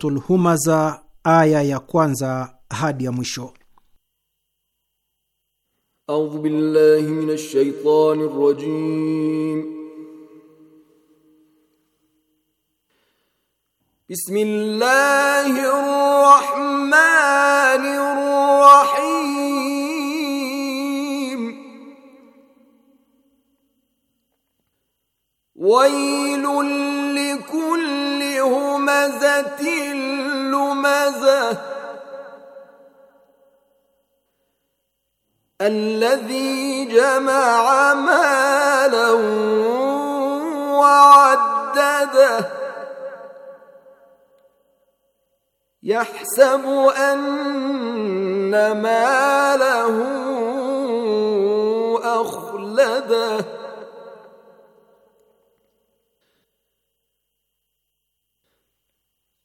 Suratul Humaza, aya ya kwanza hadi ya mwisho. A'udhu billahi minash rajim. Bismillahir rahmanir لمزة لمزة الذي جمع مالا وعدده يحسب أن ماله أخلده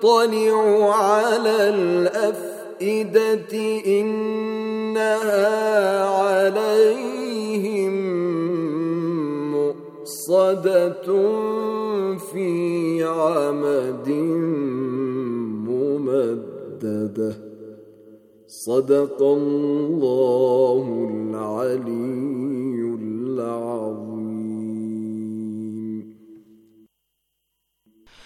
تطلع على الأفئدة إنها عليهم مؤصدة في عمد ممدده صدق الله العليم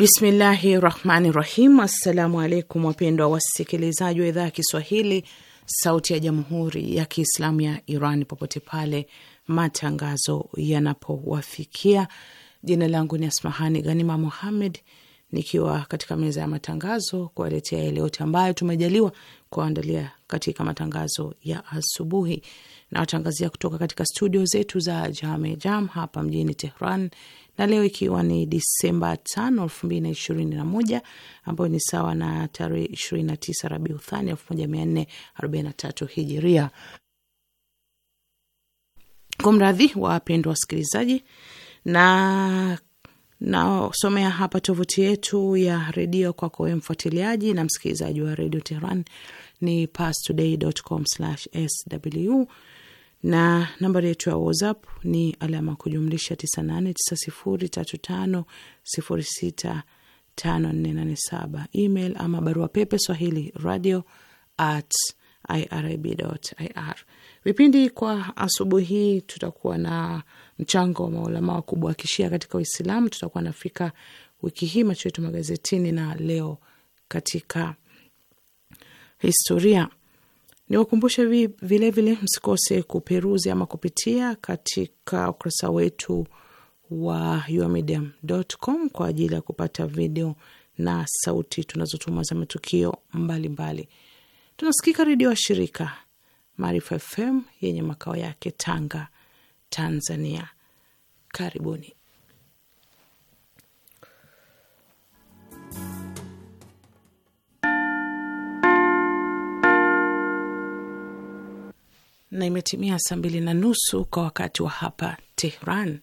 Bismillahi rahmani rahim. Assalamu alaikum wapendwa wasikilizaji wa idhaa ya Kiswahili sauti ya jamhuri ya Kiislamu ya Iran popote pale matangazo yanapowafikia. Jina langu ni Asmahani Ghanima Muhammed nikiwa katika meza ya matangazo kuwaletea yale yote ambayo tumejaliwa kuandalia katika matangazo ya asubuhi, na watangazia kutoka katika studio zetu za Jame Jam hapa mjini Tehran na leo ikiwa ni Disemba 5, 2021 ambayo ni sawa na tarehe 29 Rabiuthani 1443 Hijiria. Kwa mradhi wa wapendwa wasikilizaji, na nasomea hapa tovuti yetu ya redio kwako wewe mfuatiliaji na msikilizaji wa redio Tehran ni pastoday.com/sw na nambari yetu ya WhatsApp ni alama kujumlisha 989035065487. Email ama barua pepe swahili radio at irib.ir. Vipindi kwa asubuhi hii tutakuwa na mchango wa maulama wakubwa wa kishia katika Uislamu. Tutakuwa nafika wiki hii, macho yetu magazetini, na leo katika historia Niwakumbushe vilevile, msikose kuperuzi ama kupitia katika ukurasa wetu wa umedium.com kwa ajili ya kupata video na sauti tunazotuma za matukio mbalimbali. Tunasikika redio wa shirika Maarifa FM yenye makao yake Tanga, Tanzania. Karibuni. na imetimia saa mbili na nusu kwa wakati wa hapa Tehran.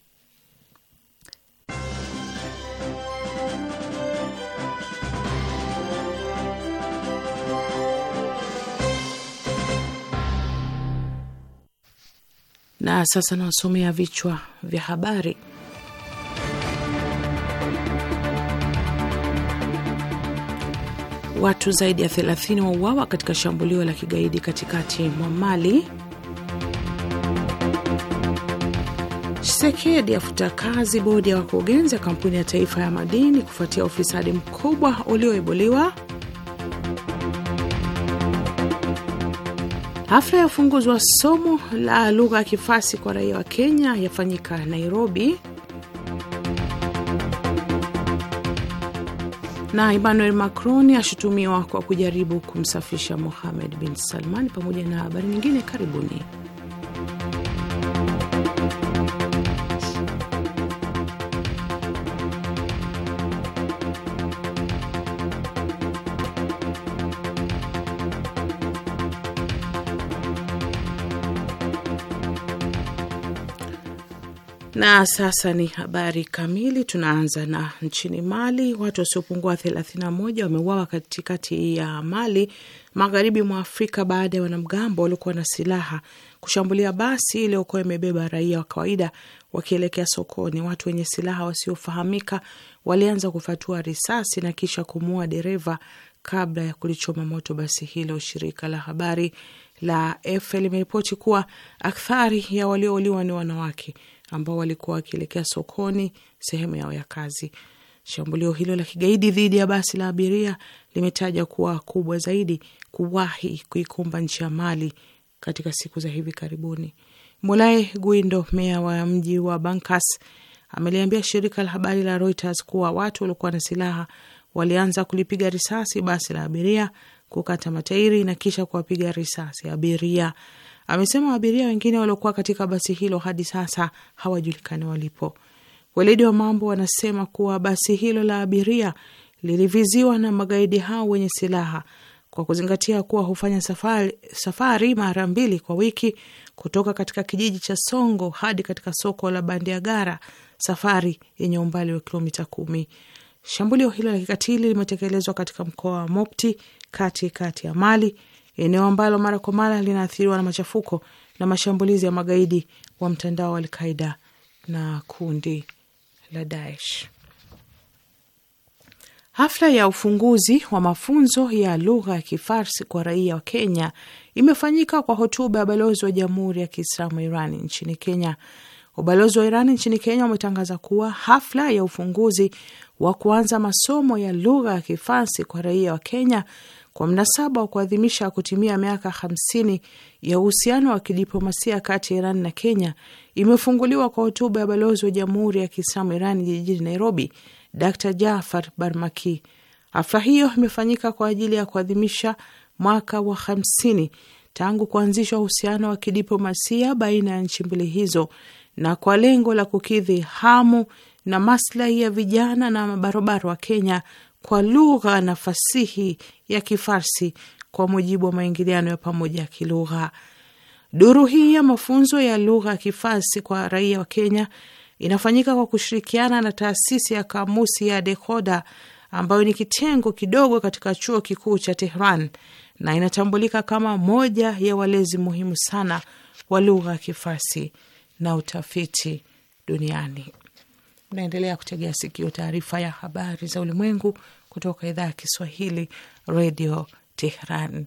Na sasa nawasomea vichwa vya habari. Watu zaidi ya 30 wauawa katika shambulio la kigaidi katikati mwa Mali. sekedi afuta kazi bodi ya wakurugenzi ya kampuni ya taifa ya madini kufuatia ufisadi mkubwa ulioibuliwa. Hafla ya ufunguzi wa somo la lugha ya Kifasi kwa raia wa Kenya yafanyika Nairobi. na Emmanuel Macron ashutumiwa kwa kujaribu kumsafisha Mohamed bin Salman, pamoja na habari nyingine. Karibuni. Na sasa ni habari kamili. Tunaanza na nchini Mali. Watu wasiopungua moja wameuawa katikati ya Mali, magharibi mwa Afrika, baada ya wanamgambo waliokuwa na silaha kushambulia basi iliyokuwa imebeba raia wa kawaida wakielekea sokoni. Watu wenye silaha wasiofahamika walianza kufatua risasi na kisha kumuua dereva kabla ya kulichoma moto basi hilo. Shirika la habari la AFP limeripoti kuwa akthari ya waliouliwa ni wanawake ambao walikuwa wakielekea sokoni, sehemu yao ya kazi. Shambulio hilo la kigaidi dhidi ya basi la abiria limetaja kuwa kubwa zaidi kuwahi kuikumba nchi ya Mali katika siku za hivi karibuni. Molae Guindo, meya wa mji wa Bankas, ameliambia shirika la habari la Reuters kuwa watu waliokuwa na silaha walianza kulipiga risasi basi la abiria, kukata matairi na kisha kuwapiga risasi abiria amesema abiria wengine waliokuwa katika basi hilo hadi sasa hawajulikani walipo. Weledi wa mambo wanasema kuwa basi hilo la abiria liliviziwa na magaidi hao wenye silaha kwa kuzingatia kuwa hufanya safari, safari mara mbili kwa wiki kutoka katika kijiji cha Songo hadi katika soko la Bandiagara, safari yenye umbali wa kilomita kumi. Shambulio hilo la kikatili limetekelezwa katika mkoa wa Mopti kati kati ya Mali eneo ambalo mara kwa mara linaathiriwa na machafuko na mashambulizi ya magaidi wa mtandao wa Alqaida na kundi la Daesh. Hafla ya ufunguzi wa mafunzo ya lugha ya Kifarsi kwa raia wa Kenya imefanyika kwa hotuba ya balozi wa Jamhuri ya Kiislamu iran nchini Kenya. Ubalozi wa iran nchini Kenya umetangaza kuwa hafla ya ufunguzi wa kuanza masomo ya lugha ya Kifarsi kwa raia wa Kenya kwa mnasaba wa kuadhimisha kutimia miaka 50 ya uhusiano wa kidiplomasia kati ya Iran na Kenya, imefunguliwa kwa hotuba ya balozi wa Jamhuri ya Kiislamu Iran jijini Nairobi, Dr Jafar Barmaki. Hafla hiyo imefanyika kwa ajili ya kuadhimisha mwaka wa 50 tangu kuanzishwa uhusiano wa kidiplomasia baina ya nchi mbili hizo na kwa lengo la kukidhi hamu na maslahi ya vijana na mabarobaro wa Kenya kwa lugha na fasihi ya Kifarsi kwa mujibu wa maingiliano ya pamoja ya kilugha. Duru hii ya mafunzo ya lugha ya Kifarsi kwa raia wa Kenya inafanyika kwa kushirikiana na taasisi ya kamusi ya Dekoda ambayo ni kitengo kidogo katika chuo kikuu cha Tehran na inatambulika kama moja ya walezi muhimu sana wa lugha ya Kifarsi na utafiti duniani. Mnaendelea kutegea sikio taarifa ya habari za ulimwengu kutoka idhaa ya Kiswahili Redio Tehran.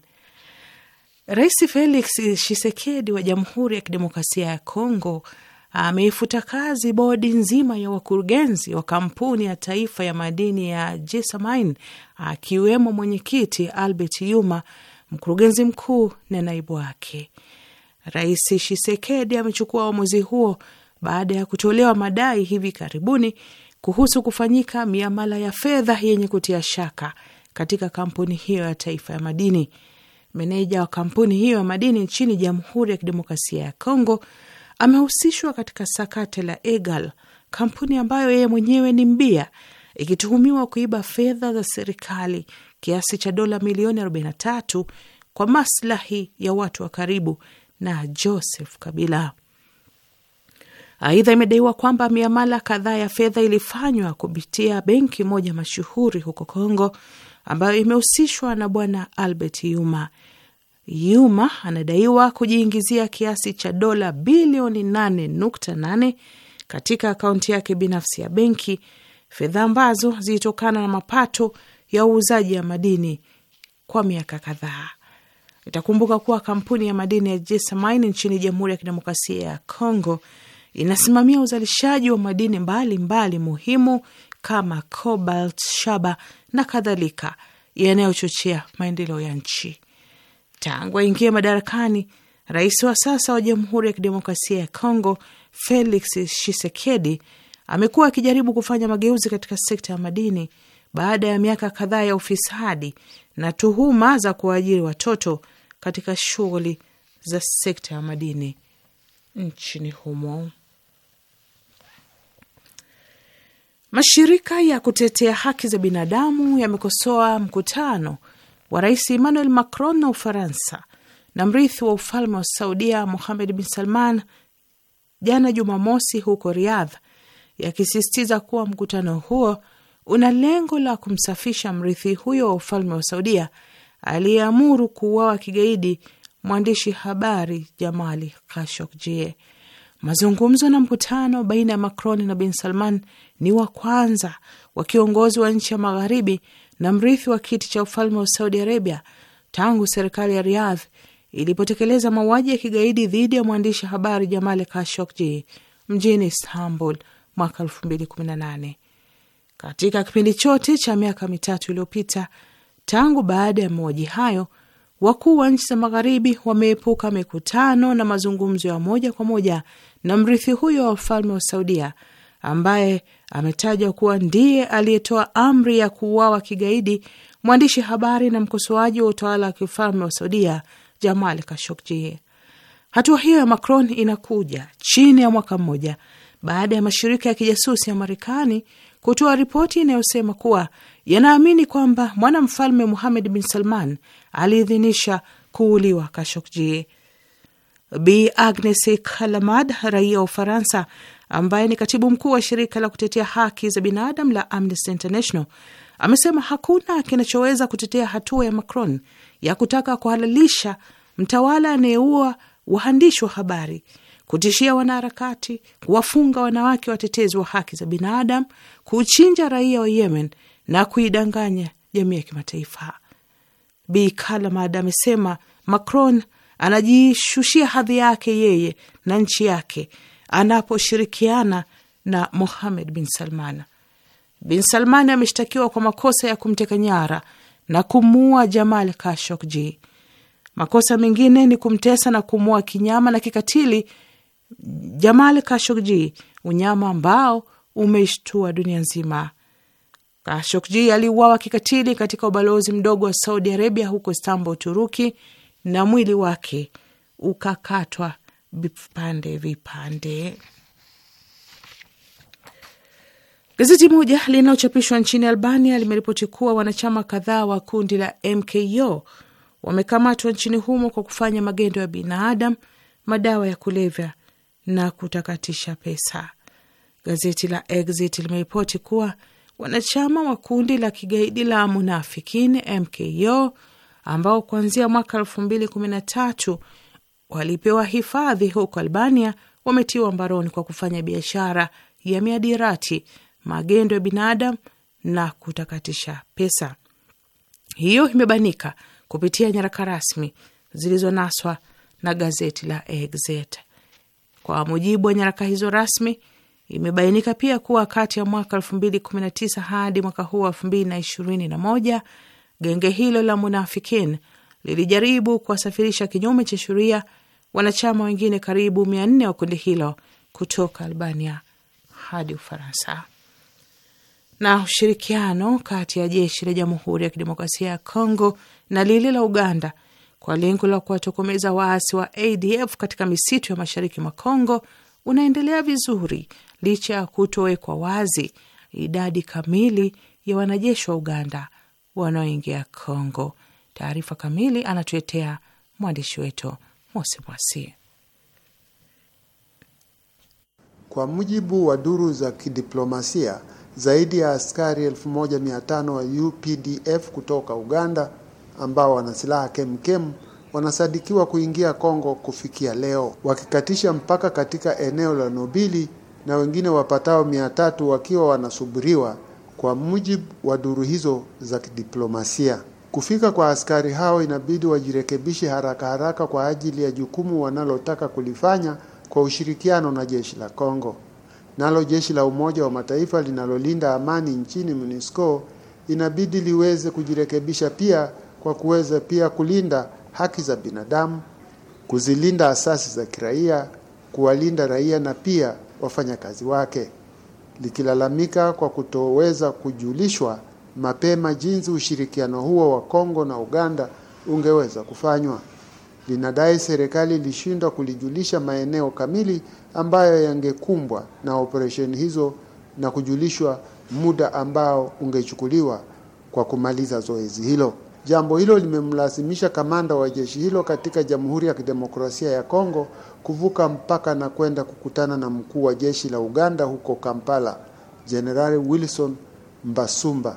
Rais Felix Tshisekedi wa Jamhuri ya Kidemokrasia ya Kongo ameifuta kazi bodi nzima ya wakurugenzi wa kampuni ya taifa ya madini ya Gesamine, akiwemo mwenyekiti Albert Yuma, mkurugenzi mkuu na naibu wake. Rais Tshisekedi amechukua uamuzi huo baada ya kutolewa madai hivi karibuni kuhusu kufanyika miamala ya fedha yenye kutia shaka katika kampuni hiyo ya taifa ya madini. Meneja wa kampuni hiyo ya madini nchini Jamhuri ya Kidemokrasia ya Kongo amehusishwa katika sakata la Egal, kampuni ambayo yeye mwenyewe ni mbia, ikituhumiwa kuiba fedha za serikali kiasi cha dola milioni 43 kwa maslahi ya watu wa karibu na Joseph Kabila. Aidha, imedaiwa kwamba miamala kadhaa ya fedha ilifanywa kupitia benki moja mashuhuri huko Kongo ambayo imehusishwa na bwana Albert Yuma. Yuma anadaiwa kujiingizia kiasi cha dola bilioni 8.8 katika akaunti yake binafsi ya benki, fedha ambazo zilitokana na mapato ya uuzaji ya madini kwa miaka kadhaa. Itakumbuka kuwa kampuni ya madini ya Gesamine nchini Jamhuri ya Kidemokrasia ya Kongo inasimamia uzalishaji wa madini mbalimbali mbali muhimu kama cobalt, shaba na kadhalika yanayochochea maendeleo ya nchi. Tangu aingie madarakani, rais wa sasa wa Jamhuri ya Kidemokrasia ya Kongo Felix Tshisekedi amekuwa akijaribu kufanya mageuzi katika sekta ya madini baada ya miaka kadhaa ya ufisadi na tuhuma za kuwaajiri watoto katika shughuli za sekta ya madini nchini humo. Mashirika ya kutetea haki za binadamu yamekosoa mkutano wa Rais Emmanuel Macron na Ufaransa na mrithi wa ufalme wa Saudia muhamed bin Salman jana Jumamosi huko Riadh, yakisisitiza kuwa mkutano huo una lengo la kumsafisha mrithi huyo wa ufalme wa Saudia aliyeamuru kuuawa kigaidi mwandishi habari Jamali Khashoggi. Mazungumzo na mkutano baina ya Macron na bin Salman ni wa kwanza wa kiongozi wa nchi ya magharibi na mrithi wa kiti cha ufalme wa Saudi Arabia tangu serikali ya Riyadh ilipotekeleza mauaji ya kigaidi dhidi ya mwandishi habari Jamal Khashoggi mjini Istanbul mwaka 2018. Katika kipindi chote cha miaka mitatu iliyopita tangu baada ya mauaji hayo, wakuu wa nchi za magharibi wameepuka mikutano na mazungumzo ya moja kwa moja na mrithi huyo wa ufalme wa Saudia ambaye ametajwa kuwa ndiye aliyetoa amri ya kuuawa kigaidi mwandishi habari na mkosoaji wa utawala wa kifalme wa Saudia Jamal Kashokji. Hatua hiyo ya Macron inakuja chini ya mwaka mmoja baada ya mashirika ya kijasusi ya Marekani kutoa ripoti inayosema kuwa yanaamini kwamba mwanamfalme Muhamed bin Salman aliidhinisha kuuliwa Kashokji. Bi Agnes Kalamad, raia wa Ufaransa ambaye ni katibu mkuu wa shirika la kutetea haki za binadamu la Amnesty International, amesema hakuna kinachoweza kutetea hatua ya Macron ya kutaka kuhalalisha mtawala anayeua waandishi wa habari, kutishia wanaharakati, kuwafunga wanawake watetezi wa haki za binadamu, kuchinja raia wa Yemen na kuidanganya jamii ya kimataifa. Bi Kalamad amesema Macron anajishushia hadhi yake yeye na nchi yake anaposhirikiana na Mohamed bin Salman. Bin Salman ameshtakiwa kwa makosa ya kumteka nyara na kumuua Jamal Khashoggi. Makosa mengine ni kumtesa na kumuua kinyama na kikatili Jamal Khashoggi, unyama ambao umeshtua dunia nzima. Khashoggi aliuawa kikatili katika ubalozi mdogo wa Saudi Arabia huko Istanbul, Turuki, na mwili wake ukakatwa vipande vipande. Gazeti moja linalochapishwa nchini Albania limeripoti kuwa wanachama kadhaa wa kundi la MKO wamekamatwa nchini humo kwa kufanya magendo ya binadamu, madawa ya kulevya na kutakatisha pesa. Gazeti la Exit limeripoti kuwa wanachama wa kundi la kigaidi la Munafikini MKO ambao kuanzia mwaka elfu mbili kumi na tatu walipewa hifadhi huko Albania wametiwa mbaroni kwa kufanya biashara ya miadirati, magendo ya binadamu na kutakatisha pesa. Hiyo imebanika kupitia nyaraka rasmi zilizonaswa na gazeti la Exet. Kwa mujibu wa nyaraka hizo rasmi, imebainika pia kuwa kati ya mwaka elfu mbili kumi na tisa hadi mwaka huu elfu mbili na ishirini na moja Genge hilo la munafikin lilijaribu kuwasafirisha kinyume cha sheria wanachama wengine karibu mia nne wa kundi hilo kutoka Albania hadi Ufaransa. Na ushirikiano kati ya jeshi la Jamhuri ya Kidemokrasia ya Kongo na lile la Uganda kwa lengo la kuwatokomeza waasi wa ADF katika misitu ya mashariki mwa Kongo unaendelea vizuri licha ya kutowekwa wazi idadi kamili ya wanajeshi wa Uganda wanaoingia Kongo. Taarifa kamili anatuletea mwandishi wetu Mosi Mwasi. Kwa mujibu wa duru za kidiplomasia, zaidi ya askari 1500 wa UPDF kutoka Uganda ambao wana silaha kemkem wanasadikiwa kuingia Kongo kufikia leo, wakikatisha mpaka katika eneo la Nobili na wengine wapatao 3 wakiwa wanasubiriwa kwa mujibu wa duru hizo za kidiplomasia, kufika kwa askari hao inabidi wajirekebishe haraka haraka kwa ajili ya jukumu wanalotaka kulifanya kwa ushirikiano na jeshi la Kongo. Nalo jeshi la Umoja wa Mataifa linalolinda amani nchini MONUSCO inabidi liweze kujirekebisha pia kwa kuweza pia kulinda haki za binadamu, kuzilinda asasi za kiraia, kuwalinda raia na pia wafanyakazi wake likilalamika kwa kutoweza kujulishwa mapema jinsi ushirikiano huo wa Kongo na Uganda ungeweza kufanywa. Linadai serikali ilishindwa kulijulisha maeneo kamili ambayo yangekumbwa na operesheni hizo na kujulishwa muda ambao ungechukuliwa kwa kumaliza zoezi hilo. Jambo hilo limemlazimisha kamanda wa jeshi hilo katika Jamhuri ya Kidemokrasia ya Kongo kuvuka mpaka na kwenda kukutana na mkuu wa jeshi la Uganda huko Kampala, Jenerali Wilson Mbasumba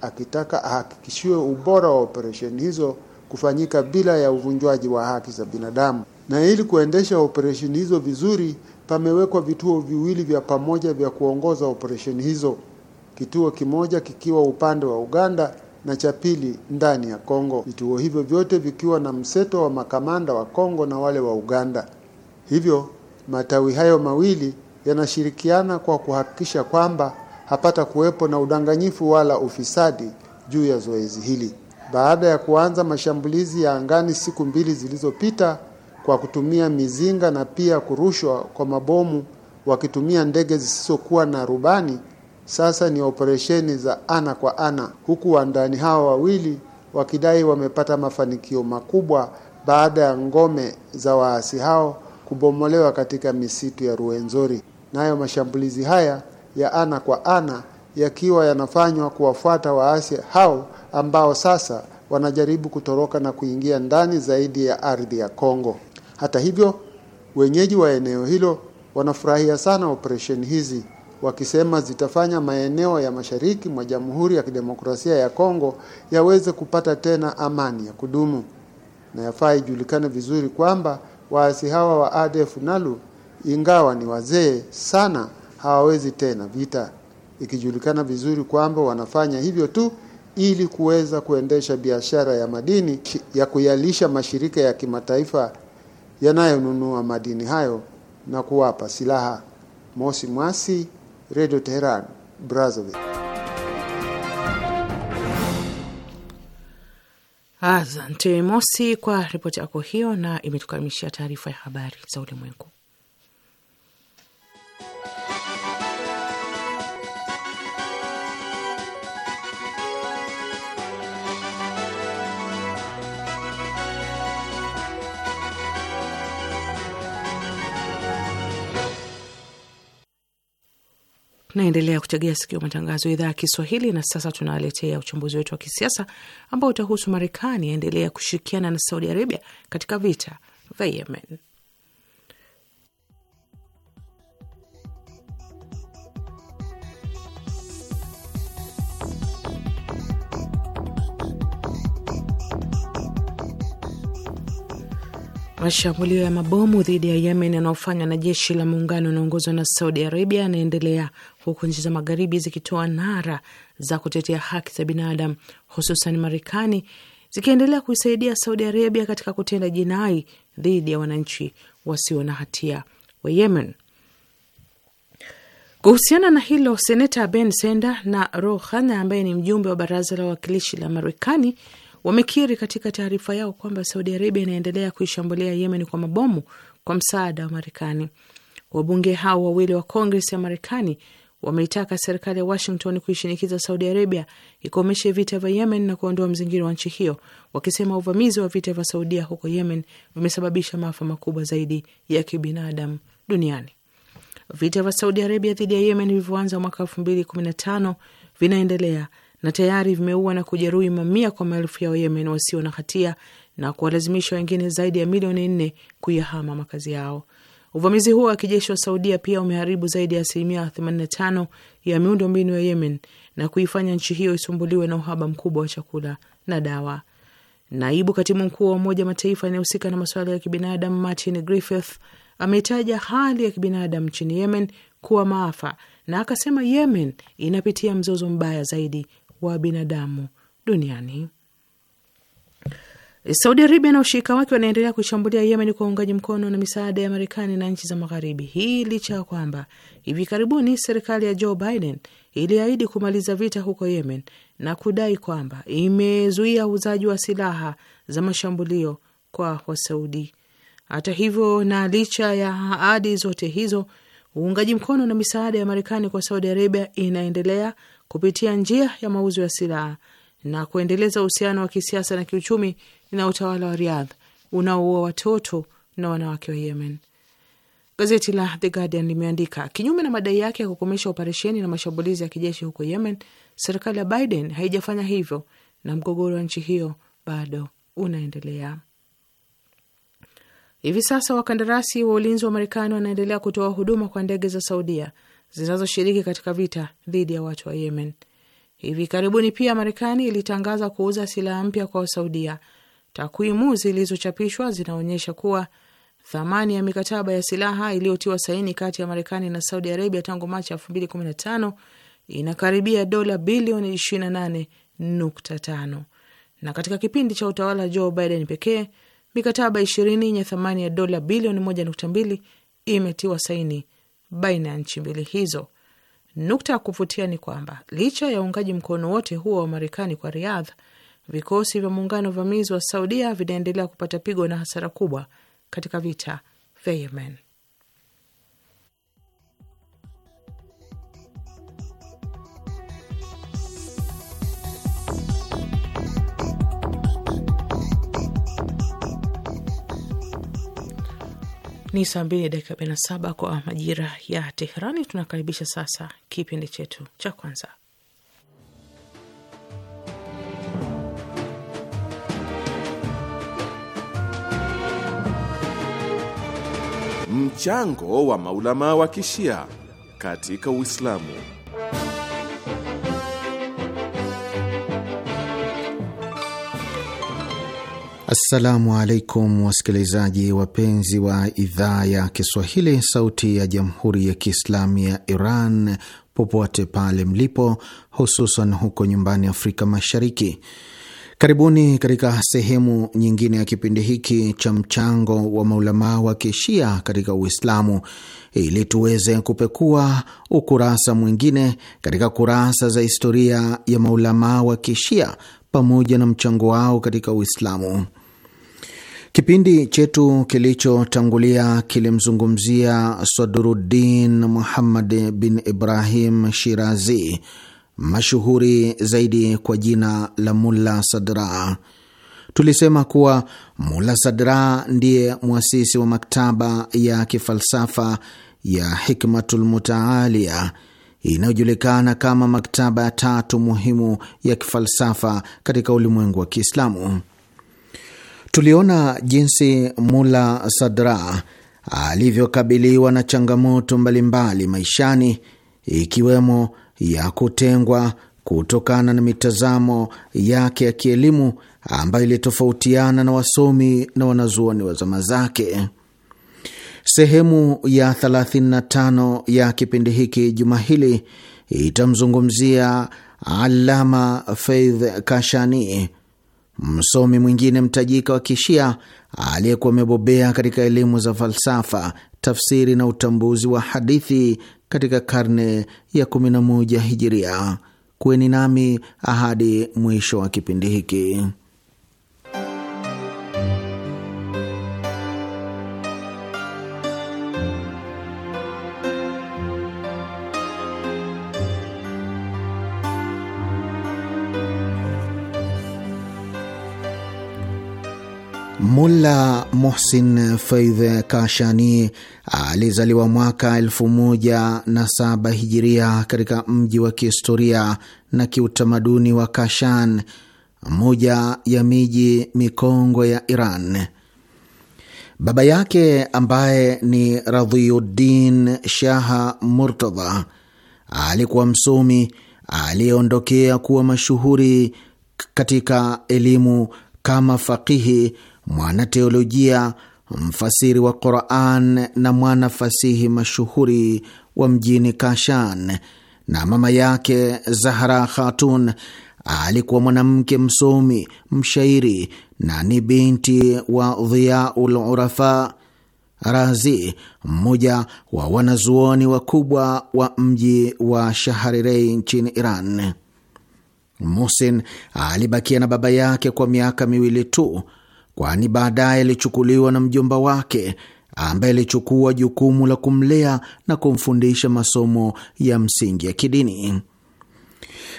akitaka ahakikishiwe ubora wa operesheni hizo kufanyika bila ya uvunjwaji wa haki za binadamu. Na ili kuendesha operesheni hizo vizuri, pamewekwa vituo viwili vya pamoja vya kuongoza operesheni hizo, kituo kimoja kikiwa upande wa Uganda na cha pili ndani ya Kongo, vituo hivyo vyote vikiwa na mseto wa makamanda wa Kongo na wale wa Uganda. Hivyo matawi hayo mawili yanashirikiana kwa kuhakikisha kwamba hapata kuwepo na udanganyifu wala ufisadi juu ya zoezi hili. Baada ya kuanza mashambulizi ya angani siku mbili zilizopita kwa kutumia mizinga na pia kurushwa kwa mabomu wakitumia ndege zisizokuwa na rubani sasa ni operesheni za ana kwa ana, huku wandani hawa wawili wakidai wamepata mafanikio makubwa baada ya ngome za waasi hao kubomolewa katika misitu ya Ruwenzori, nayo mashambulizi haya ya ana kwa ana yakiwa yanafanywa kuwafuata waasi hao ambao sasa wanajaribu kutoroka na kuingia ndani zaidi ya ardhi ya Kongo. Hata hivyo, wenyeji wa eneo hilo wanafurahia sana operesheni hizi wakisema zitafanya maeneo ya mashariki mwa Jamhuri ya Kidemokrasia ya Kongo yaweze kupata tena amani ya kudumu. Na yafaa ijulikane vizuri kwamba waasi hawa wa ADF Nalu ingawa ni wazee sana, hawawezi tena vita, ikijulikana vizuri kwamba wanafanya hivyo tu ili kuweza kuendesha biashara ya madini ya kuyalisha mashirika ya kimataifa yanayonunua madini hayo na kuwapa silaha. Mosi Mwasi Radio Tehran, Brazzaville. Asante Mosi kwa ripoti yako hiyo, na imetukamilishia taarifa ya habari za ulimwengu. Tunaendelea kutegea sikio matangazo ya idhaa ya Kiswahili, na sasa tunawaletea uchambuzi wetu wa kisiasa ambao utahusu Marekani yaendelea kushirikiana na Saudi Arabia katika vita vya Yemen. Mashambulio ya mabomu dhidi ya Yemen yanayofanywa na jeshi la muungano unaongozwa na Saudi Arabia yanaendelea huku nchi za magharibi zikitoa nara za kutetea haki za binadamu, hususan Marekani zikiendelea kuisaidia Saudi Arabia katika kutenda jinai dhidi ya wananchi wasio na hatia wa Yemen. Kuhusiana na hilo, seneta Ben Senda na Rohan ambaye ni mjumbe wa baraza la wawakilishi la Marekani wamekiri katika taarifa yao kwamba Saudi Arabia inaendelea kuishambulia Yemen kwa mabomu kwa msaada wa Marekani. Wabunge hao wawili wa Kongres ya Marekani wameitaka serikali ya Washington kuishinikiza Saudi Arabia ikomeshe vita vya Yemen na kuondoa mzingiro wa nchi hiyo, wakisema uvamizi wa vita vya Saudia huko Yemen umesababisha maafa makubwa zaidi ya kibinadamu duniani. Vita vya Saudi Arabia dhidi ya Yemen vilivyoanza mwaka elfu mbili kumi na tano vinaendelea na tayari vimeua na kujeruhi mamia kwa maelfu ya Wayemen wasio na hatia na kuwalazimisha wengine zaidi ya milioni nne kuyahama makazi yao. Uvamizi huo wa kijeshi wa Saudia pia umeharibu zaidi ya asilimia 85 ya miundo mbinu ya Yemen na kuifanya nchi hiyo isumbuliwe na uhaba mkubwa wa chakula na dawa. Naibu katibu mkuu wa Umoja Mataifa anayehusika na masuala ya kibinadamu Martin Griffith ametaja hali ya kibinadamu nchini Yemen kuwa maafa, na akasema Yemen inapitia mzozo mbaya zaidi wa binadamu duniani. Saudi Arabia na ushirika wake wanaendelea kuishambulia Yemen kwa uungaji mkono na misaada ya Marekani na nchi za Magharibi. Hii licha ya kwamba hivi karibuni serikali ya Joe Biden iliahidi kumaliza vita huko Yemen na kudai kwamba imezuia uuzaji wa silaha za mashambulio kwa Wasaudi. Hata hivyo, na licha ya ahadi zote hizo, uungaji mkono na misaada ya Marekani kwa Saudi Arabia inaendelea kupitia njia ya mauzo ya silaha na kuendeleza uhusiano wa kisiasa na kiuchumi na utawala wa Riadh unaoua watoto na wanawake wa Yemen. Gazeti la The Guardian limeandika kinyume na madai yake ya kukomesha operesheni na mashambulizi ya kijeshi huko Yemen, serikali ya Biden haijafanya hivyo na mgogoro wa nchi hiyo bado unaendelea. Hivi sasa wakandarasi wa ulinzi wa Marekani wanaendelea kutoa huduma kwa ndege za Saudia zinazoshiriki katika vita dhidi ya watu wa Yemen. Hivi karibuni pia Marekani ilitangaza kuuza silaha mpya kwa Saudia. Takwimu zilizochapishwa zinaonyesha kuwa thamani ya mikataba ya silaha iliyotiwa saini kati ya Marekani na Saudi Arabia tangu Machi 2015 inakaribia dola bilioni 28.5 na katika kipindi cha utawala jo Joe Biden pekee mikataba ishirini yenye thamani ya dola bilioni 1.2 imetiwa saini baina ya nchi mbili hizo. Nukta ya kuvutia ni kwamba licha ya uungaji mkono wote huo wa Marekani kwa Riyadh, vikosi vya muungano vamizi wa Saudia vinaendelea kupata pigo na hasara kubwa katika vita vya Yemen. Ni saa mbili dakika 47 kwa majira ya Teherani. Tunakaribisha sasa kipindi chetu cha kwanza. Mchango wa maulama wa kishia katika Uislamu. Assalamu alaikum wasikilizaji wapenzi wa idhaa ya Kiswahili, sauti ya jamhuri ya kiislamu ya Iran popote pale mlipo, hususan huko nyumbani Afrika Mashariki. Karibuni katika sehemu nyingine ya kipindi hiki cha mchango wa maulamaa wa kishia katika Uislamu, ili tuweze kupekua ukurasa mwingine katika kurasa za historia ya maulamaa wa kishia pamoja na mchango wao katika Uislamu. Kipindi chetu kilichotangulia kilimzungumzia sadurudin Muhammad bin Ibrahim Shirazi, mashuhuri zaidi kwa jina la Mulla Sadra. Tulisema kuwa Mulla Sadra ndiye mwasisi wa maktaba ya kifalsafa ya Hikmatul Mutaalia inayojulikana kama maktaba ya tatu muhimu ya kifalsafa katika ulimwengu wa Kiislamu. Tuliona jinsi Mula Sadra alivyokabiliwa na changamoto mbalimbali maishani, ikiwemo ya kutengwa kutokana na mitazamo yake ya kielimu ambayo ilitofautiana na wasomi na wanazuoni wa zama zake. Sehemu ya 35 ya kipindi hiki juma hili itamzungumzia Alama Faidh Kashani, Msomi mwingine mtajika wa kishia aliyekuwa amebobea katika elimu za falsafa, tafsiri na utambuzi wa hadithi katika karne ya 11 hijiria. Kuweni nami ahadi mwisho wa kipindi hiki. Mulla Muhsin Faidh Kashani alizaliwa mwaka 1007 hijiria katika mji wa kihistoria na kiutamaduni wa Kashan, moja ya miji mikongwe ya Iran. Baba yake ambaye ni Radhiuddin Shaha Murtadha alikuwa msomi aliyeondokea kuwa mashuhuri katika elimu kama faqihi mwanateolojia, mfasiri wa Quran na mwanafasihi mashuhuri wa mjini Kashan, na mama yake Zahra Khatun alikuwa mwanamke msomi, mshairi na ni binti wa Dhiaul Urafa Razi, mmoja wa wanazuoni wakubwa wa mji wa Shaharirei nchini Iran. Musin alibakia na baba yake kwa miaka miwili tu kwani baadaye alichukuliwa na mjomba wake ambaye alichukua jukumu la kumlea na kumfundisha masomo ya msingi ya kidini.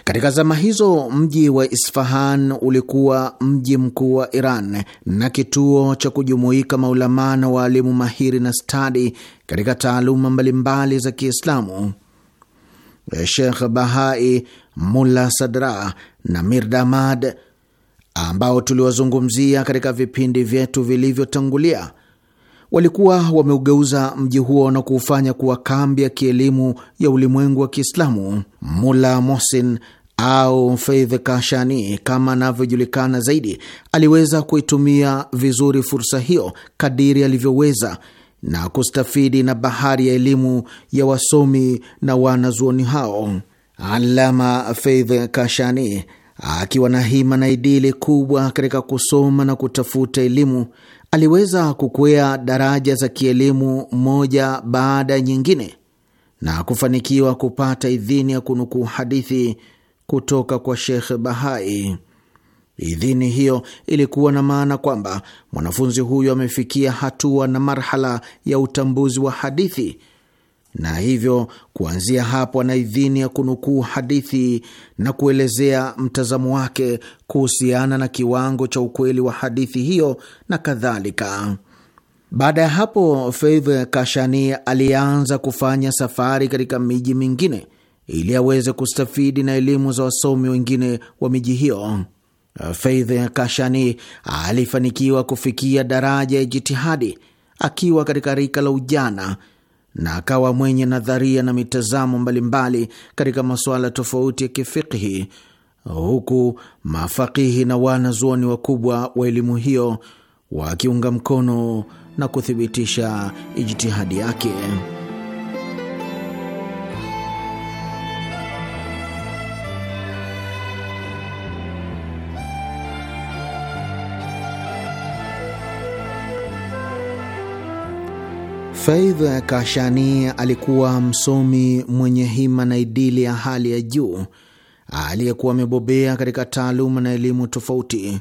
Katika zama hizo mji wa Isfahan ulikuwa mji mkuu wa Iran na kituo cha kujumuika maulamaa na waalimu mahiri na stadi katika taaluma mbalimbali za Kiislamu. Shekh Bahai, Mulla Sadra na Mirdamad ambao tuliwazungumzia katika vipindi vyetu vilivyotangulia, walikuwa wameugeuza mji huo na kuufanya kuwa kambi ya kielimu ya ulimwengu wa Kiislamu. Mula Mohsin au Faidh Kashani kama anavyojulikana zaidi, aliweza kuitumia vizuri fursa hiyo kadiri alivyoweza na kustafidi na bahari ya elimu ya wasomi na wanazuoni hao. Alama Faidh Kashani Akiwa na hima na idili kubwa katika kusoma na kutafuta elimu, aliweza kukwea daraja za kielimu moja baada ya nyingine na kufanikiwa kupata idhini ya kunukuu hadithi kutoka kwa Shekh Bahai. Idhini hiyo ilikuwa na maana kwamba mwanafunzi huyo amefikia hatua na marhala ya utambuzi wa hadithi na hivyo kuanzia hapo ana idhini ya kunukuu hadithi na kuelezea mtazamo wake kuhusiana na kiwango cha ukweli wa hadithi hiyo na kadhalika. Baada ya hapo, Faidh Kashani alianza kufanya safari katika miji mingine ili aweze kustafidi na elimu za wasomi wengine wa miji hiyo. Faidh Kashani alifanikiwa kufikia daraja ya jitihadi akiwa katika rika la ujana na akawa mwenye nadharia na mitazamo mbalimbali katika masuala tofauti ya kifikhi, huku mafakihi na wanazuoni wakubwa wa elimu hiyo wakiunga mkono na kuthibitisha ijtihadi yake. Faidh Kashani alikuwa msomi mwenye hima na idili ya hali ya juu aliyekuwa amebobea katika taaluma na elimu tofauti.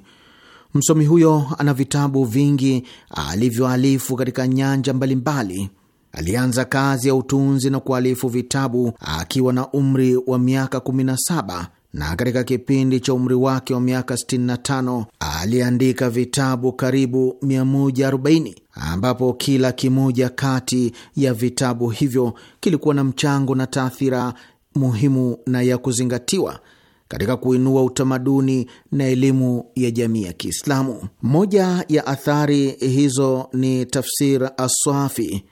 Msomi huyo ana vitabu vingi alivyoalifu katika nyanja mbalimbali. Alianza kazi ya utunzi na kualifu vitabu akiwa na umri wa miaka 17 na katika kipindi cha umri wake wa miaka 65 aliandika vitabu karibu 140 ambapo kila kimoja kati ya vitabu hivyo kilikuwa na mchango na taathira muhimu na ya kuzingatiwa katika kuinua utamaduni na elimu ya jamii ya Kiislamu. Moja ya athari hizo ni Tafsir Aswafi,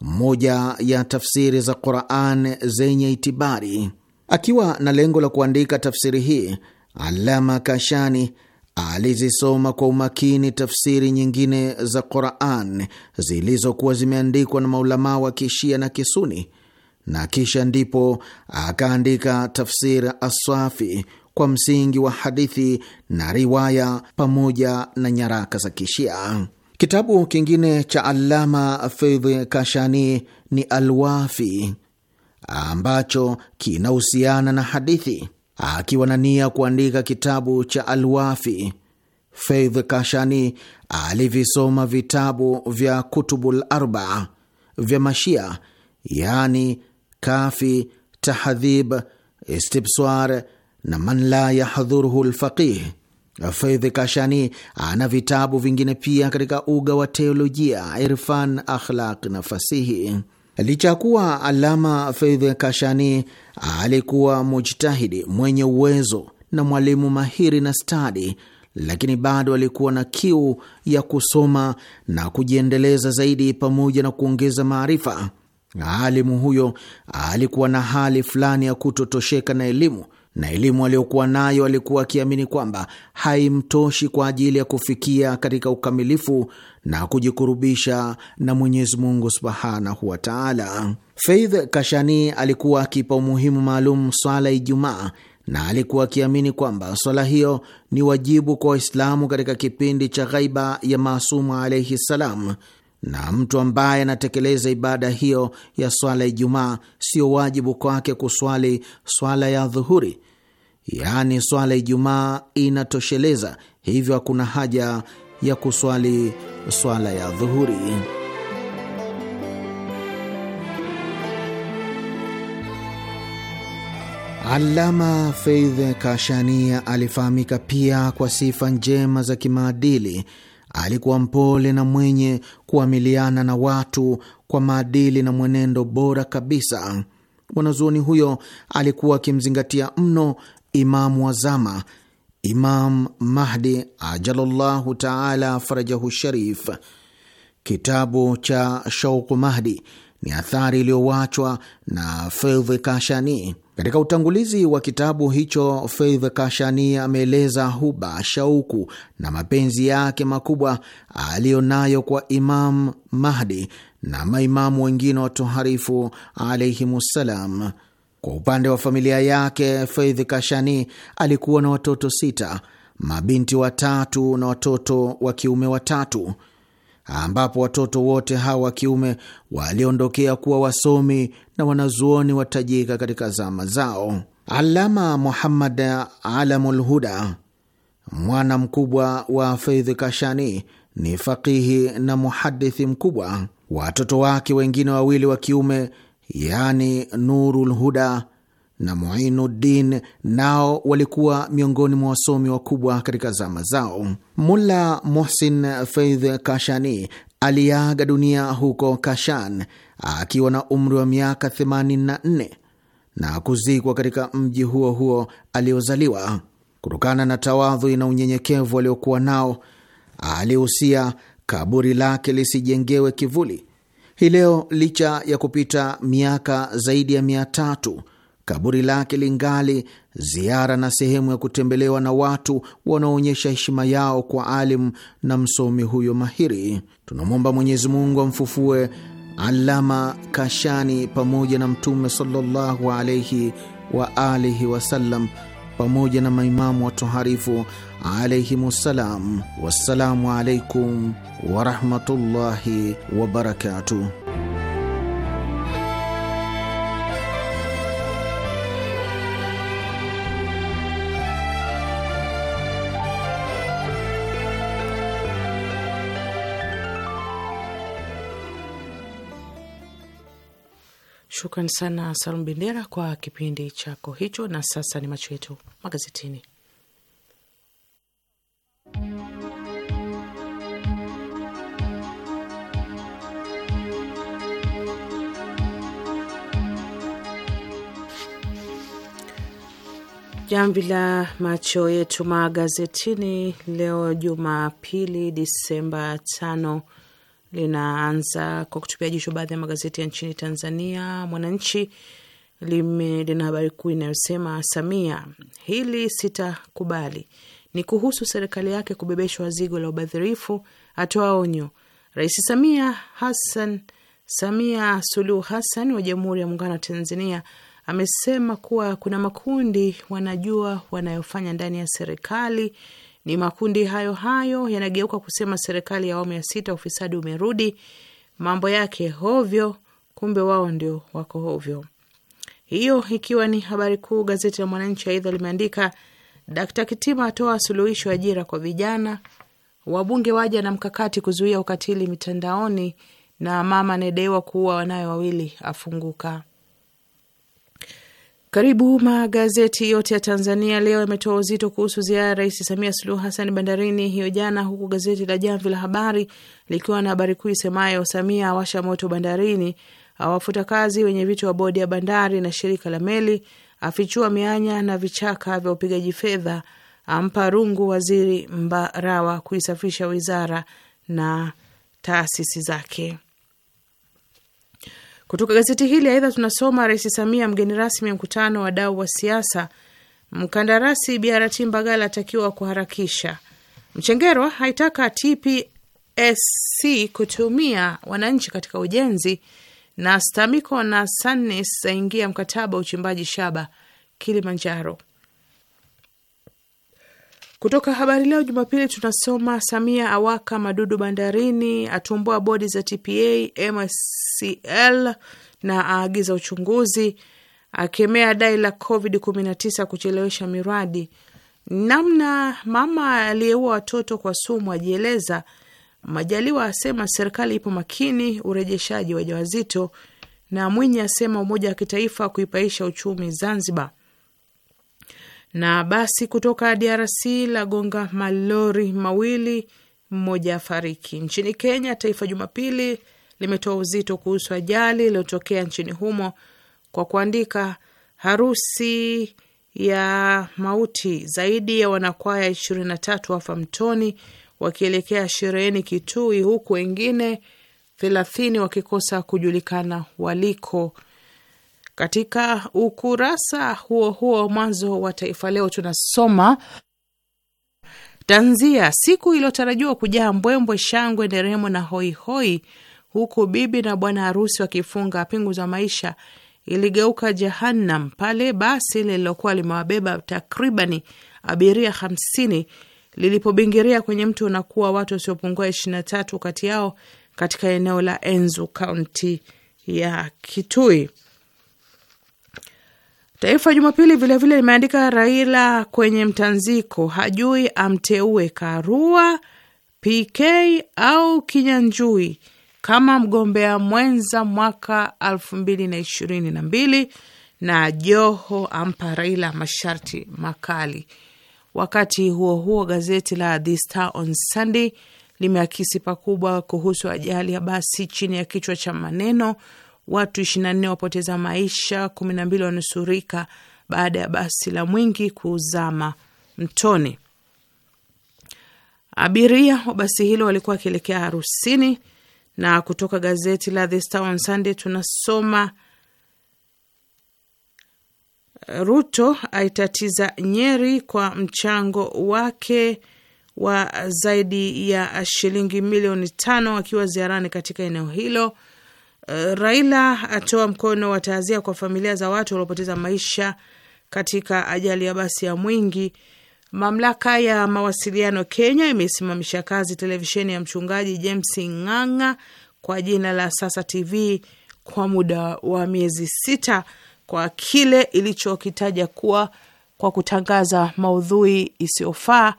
moja ya tafsiri za Quran zenye itibari. Akiwa na lengo la kuandika tafsiri hii, Alama Kashani alizisoma kwa umakini tafsiri nyingine za Quran zilizokuwa zimeandikwa na maulamaa wa kishia na kisuni, na kisha ndipo akaandika tafsiri Aswafi kwa msingi wa hadithi na riwaya pamoja na nyaraka za kishia. Kitabu kingine cha Allama faidh Kashani ni Alwafi ambacho kinahusiana na hadithi akiwa na nia kuandika kitabu cha Alwafi. Faidh Kashani alivisoma vitabu vya Kutubul Arba vya Mashia, yani Kafi, Tahdhib, Istibswar na man la yahdhuruhu lfaqih. Faidh Kashani ana vitabu vingine pia katika uga wa teolojia, irfan, akhlaq na fasihi. Licha kuwa alama Faidh Kashani Alikuwa mujtahidi mwenye uwezo na mwalimu mahiri na stadi, lakini bado alikuwa na kiu ya kusoma na kujiendeleza zaidi pamoja na kuongeza maarifa. Alimu huyo alikuwa na hali fulani ya kutotosheka na elimu na elimu aliyokuwa nayo alikuwa akiamini kwamba haimtoshi kwa ajili ya kufikia katika ukamilifu na kujikurubisha na Mwenyezi Mungu subhanahu wa taala. Faith Kashani alikuwa akipa umuhimu maalum swala ya Ijumaa na alikuwa akiamini kwamba swala hiyo ni wajibu kwa Waislamu katika kipindi cha ghaiba ya Maasumu alaihi ssalam, na mtu ambaye anatekeleza ibada hiyo ya swala Ijumaa sio wajibu kwake kuswali swala ya dhuhuri, yaani swala Ijumaa inatosheleza, hivyo hakuna haja ya kuswali swala ya dhuhuri. Alama Faidh Kashania alifahamika pia kwa sifa njema za kimaadili. Alikuwa mpole na mwenye kuamiliana na watu kwa maadili na mwenendo bora kabisa. Mwanazuoni huyo alikuwa akimzingatia mno Imamu wazama Imam Mahdi ajalallahu taala farajahu sharif. Kitabu cha Shauku Mahdi ni athari iliyowachwa na Faidh Kashani. Katika utangulizi wa kitabu hicho, Faidh Kashani ameeleza huba, shauku na mapenzi yake makubwa aliyonayo kwa Imam Mahdi na maimamu wengine watoharifu alaihimussalam. Kwa upande wa familia yake, Faidh Kashani alikuwa na watoto sita, mabinti watatu na watoto wa kiume watatu ambapo watoto wote hawa wa kiume waliondokea kuwa wasomi na wanazuoni watajika katika zama zao. Alama Muhammad Alamul Huda, mwana mkubwa wa Faidh Kashani, ni fakihi na muhadithi mkubwa. Watoto wake wengine wawili wa kiume, yani Nurul Huda na Muinuddin nao walikuwa miongoni mwa wasomi wakubwa katika zama zao. Mulla Muhsin Faidh Kashani aliaga dunia huko Kashan akiwa na umri wa miaka 84 na kuzikwa katika mji huo huo aliozaliwa. Kutokana na tawadhu na unyenyekevu aliokuwa nao, alihusia kaburi lake lisijengewe kivuli. Hii leo licha ya kupita miaka zaidi ya mia tatu kaburi lake lingali ziara na sehemu ya kutembelewa na watu wanaoonyesha heshima yao kwa alim na msomi huyo mahiri. Tunamwomba Mwenyezi Mungu amfufue Alama Kashani pamoja na Mtume sallallahu alaihi wa alihi wasallam pamoja na maimamu watoharifu alaihimussalam. Wassalamu alaikum warahmatullahi wabarakatuh. Shukran sana Salum Bendera kwa kipindi chako hicho. Na sasa ni macho yetu magazetini. Jamvi la macho yetu magazetini leo Jumapili, Disemba tano linaanza kwa kutupia jicho baadhi ya magazeti ya nchini Tanzania. Mwananchi lina habari kuu inayosema Samia, hili sitakubali, ni kuhusu serikali yake kubebeshwa zigo la ubadhirifu, atoa onyo. Rais Samia Hassan Samia Suluhu Hassan wa Jamhuri ya Muungano wa Tanzania amesema kuwa kuna makundi wanajua wanayofanya ndani ya serikali ni makundi hayo hayo yanageuka kusema serikali ya awamu ya sita ufisadi umerudi, mambo yake hovyo, kumbe wao ndio wako hovyo. Hiyo ikiwa ni habari kuu. Gazeti la Mwananchi aidha limeandika Dkt. Kitima atoa suluhisho ajira kwa vijana, wabunge waja na mkakati kuzuia ukatili mitandaoni, na mama anayedaiwa kuua wanawe wawili afunguka. Karibu magazeti yote ya Tanzania leo yametoa uzito kuhusu ziara ya Rais Samia Suluhu Hassan bandarini hiyo jana, huku gazeti la Jamvi la Habari likiwa na habari kuu isemayo Samia awasha moto bandarini, awafuta kazi wenye viti wa bodi ya bandari na shirika la meli, afichua mianya na vichaka vya upigaji fedha, ampa rungu Waziri Mbarawa kuisafisha wizara na taasisi zake. Kutoka gazeti hili aidha, tunasoma Rais Samia mgeni rasmi mkutano wa dau wa siasa, mkandarasi BRT Mbagala atakiwa kuharakisha. Mchengerwa haitaka TPSC kutumia wananchi katika ujenzi, na STAMIKO na sannes zaingia mkataba wa uchimbaji shaba Kilimanjaro. Kutoka Habari Leo Jumapili tunasoma Samia awaka madudu bandarini, atumbua bodi za TPA, MSCL na aagiza uchunguzi, akemea dai la COVID-19 kuchelewesha miradi. Namna mama aliyeua watoto kwa sumu ajieleza. Majaliwa asema serikali ipo makini urejeshaji wajawazito, na Mwinyi asema umoja wa kitaifa kuipaisha uchumi Zanzibar. Na basi kutoka DRC la gonga malori mawili, mmoja afariki. Nchini Kenya, Taifa Jumapili limetoa uzito kuhusu ajali iliyotokea nchini humo kwa kuandika harusi ya mauti. Zaidi ya wanakwaya ishirini na tatu wafa mtoni wakielekea shereheni Kitui, huku wengine thelathini wakikosa kujulikana waliko katika ukurasa huo huo mwanzo wa Taifa Leo tunasoma tanzia, siku iliyotarajiwa kujaa mbwembwe, shangwe, nderemo na hoihoi hoi, huku bibi na bwana harusi wakifunga pingu za maisha iligeuka jahannam pale basi lililokuwa limewabeba takribani abiria hamsini lilipobingiria kwenye mtu unakuwa watu wasiopungua ishirini na tatu kati yao katika eneo la Enzu, kaunti ya Kitui. Taifa Jumapili vilevile limeandika Raila kwenye mtanziko, hajui amteue Karua, PK au Kinyanjui kama mgombea mwenza mwaka elfu mbili na ishirini na mbili na Joho ampa Raila masharti makali. Wakati huo huo, gazeti la The Star on Sunday limeakisi pakubwa kuhusu ajali ya basi chini ya kichwa cha maneno watu 24 wapoteza maisha, 12 wanusurika baada ya basi la Mwingi kuzama mtoni. Abiria wa basi hilo walikuwa wakielekea harusini. Na kutoka gazeti la The Star on Sunday tunasoma Ruto aitatiza Nyeri kwa mchango wake wa zaidi ya shilingi milioni tano akiwa ziarani katika eneo hilo. Eh, Raila atoa mkono wa taazia kwa familia za watu waliopoteza maisha katika ajali ya basi ya Mwingi. Mamlaka ya mawasiliano Kenya imesimamisha kazi televisheni ya mchungaji James Ng'ang'a kwa jina la Sasa TV kwa muda wa miezi sita kwa kile ilichokitaja kuwa kwa kutangaza maudhui isiyofaa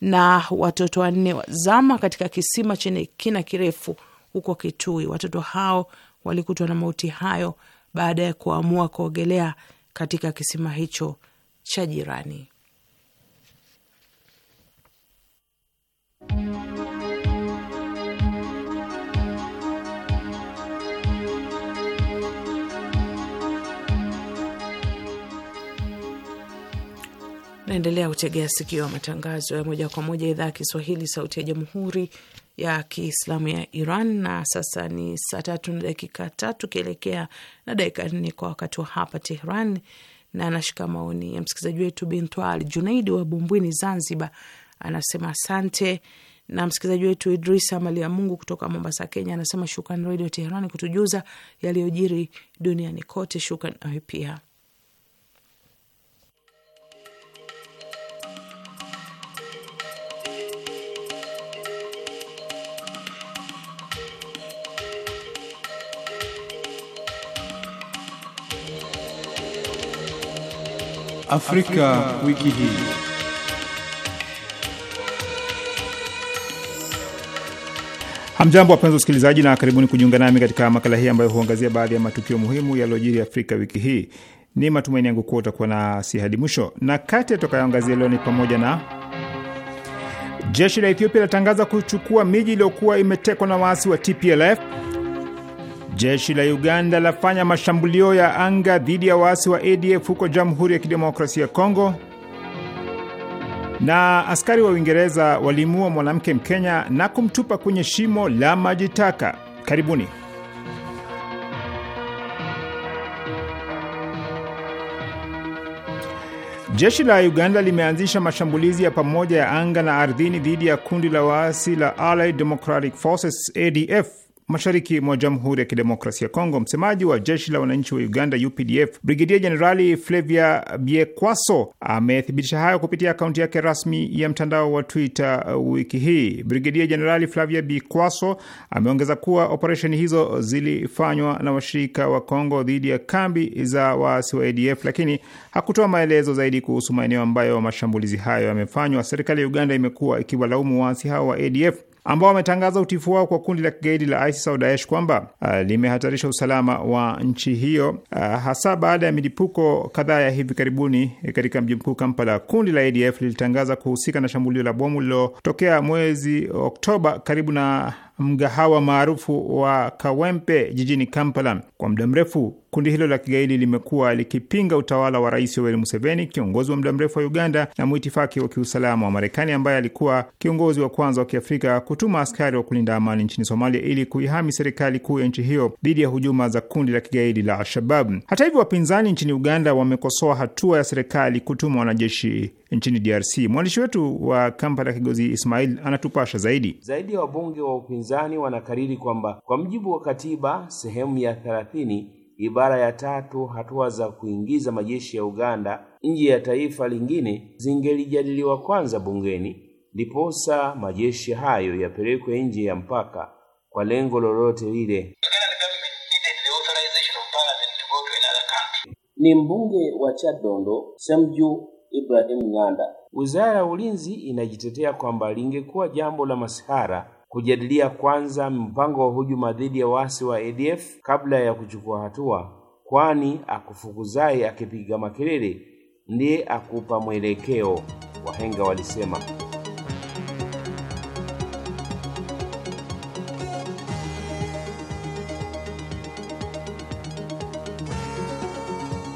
na watoto wanne wazama katika kisima chenye kina kirefu huko Kitui. Watoto hao walikutwa na mauti hayo baada ya kuamua kuogelea katika kisima hicho cha jirani. Naendelea kutegea sikio matangazo ya moja kwa moja idhaa ya Kiswahili, sauti ya jamhuri ya Kiislamu ya Iran. Na sasa ni saa tatu na dakika tatu ukielekea na dakika nne kwa wakati wa hapa Tehran, na anashika maoni ya msikilizaji wetu Bintwal Junaidi wa Bumbwini, Zanzibar, anasema asante. Na msikilizaji wetu Idrisa Malia Mungu kutoka Mombasa, Kenya, anasema shukran redio Teherani kutujuza yaliyojiri duniani kote. Shukran pia Afrika, wiki hii. Hamjambo wapenzi wasikilizaji, na karibuni kujiunga nami katika makala hii ambayo huangazia baadhi ya matukio muhimu yaliyojiri Afrika wiki hii. Ni matumaini yangu kuwa utakuwa nasi hadi mwisho, na kati yatakayoangazia leo ni pamoja na jeshi la Ethiopia latangaza kuchukua miji iliyokuwa imetekwa na waasi wa TPLF Jeshi la Uganda lafanya mashambulio ya anga dhidi ya waasi wa ADF huko Jamhuri ya Kidemokrasia ya Kongo, na askari wa Uingereza walimuua mwanamke Mkenya na kumtupa kwenye shimo la maji taka. Karibuni. Jeshi la Uganda limeanzisha mashambulizi ya pamoja ya anga na ardhini dhidi ya kundi la waasi la Allied Democratic Forces ADF mashariki mwa Jamhuri ya Kidemokrasia ya Kongo. Msemaji wa jeshi la wananchi wa Uganda UPDF Brigedia Jenerali Flavia Biekwaso amethibitisha hayo kupitia akaunti yake rasmi ya mtandao wa Twitter wiki hii. Brigedia Jenerali Flavia Biekwaso ameongeza kuwa operesheni hizo zilifanywa na washirika wa Kongo dhidi ya kambi za waasi wa ADF, lakini hakutoa maelezo zaidi kuhusu maeneo ambayo mashambulizi hayo yamefanywa. Serikali ya Uganda imekuwa ikiwalaumu waasi hao wa ADF ambao wametangaza utifu wao kwa kundi la kigaidi la ISIS au Daesh kwamba uh, limehatarisha usalama wa nchi hiyo, uh, hasa baada ya milipuko kadhaa ya hivi karibuni katika mji mkuu Kampala. Kundi la ADF lilitangaza kuhusika na shambulio la bomu lililotokea mwezi Oktoba karibu na mgahawa maarufu wa Kawempe jijini Kampala. Kwa muda mrefu, kundi hilo la kigaidi limekuwa likipinga utawala wa Rais Yoweri Museveni, kiongozi wa muda mrefu wa Uganda na mwitifaki wa kiusalama wa Marekani, ambaye alikuwa kiongozi wa kwanza wa kiafrika kutuma askari wa kulinda amani nchini Somalia ili kuihami serikali kuu ya nchi hiyo dhidi ya hujuma za kundi la kigaidi la Al-Shabab. Hata hivyo, wapinzani nchini Uganda wamekosoa hatua ya serikali kutuma wanajeshi nchini DRC. Mwandishi wetu wa Kampala, Kigozi Ismail, anatupasha zaidi. Zaidi ya wabunge wa upinzani wanakariri kwamba kwa mujibu wa katiba sehemu ya thelathini ibara ya tatu hatua za kuingiza majeshi ya Uganda nje ya taifa lingine zingelijadiliwa kwanza bungeni, ndiposa majeshi hayo yapelekwe nje ya mpaka kwa lengo lolote lile. Ni mbunge wa Chadondo Semju Ibrahim Nyanda. Wizara ya Ulinzi inajitetea kwamba lingekuwa jambo la masihara kujadilia kwanza mpango wa hujuma dhidi ya waasi wa ADF kabla ya kuchukua hatua, kwani akufukuzaye akipiga makelele ndiye akupa mwelekeo, wahenga walisema.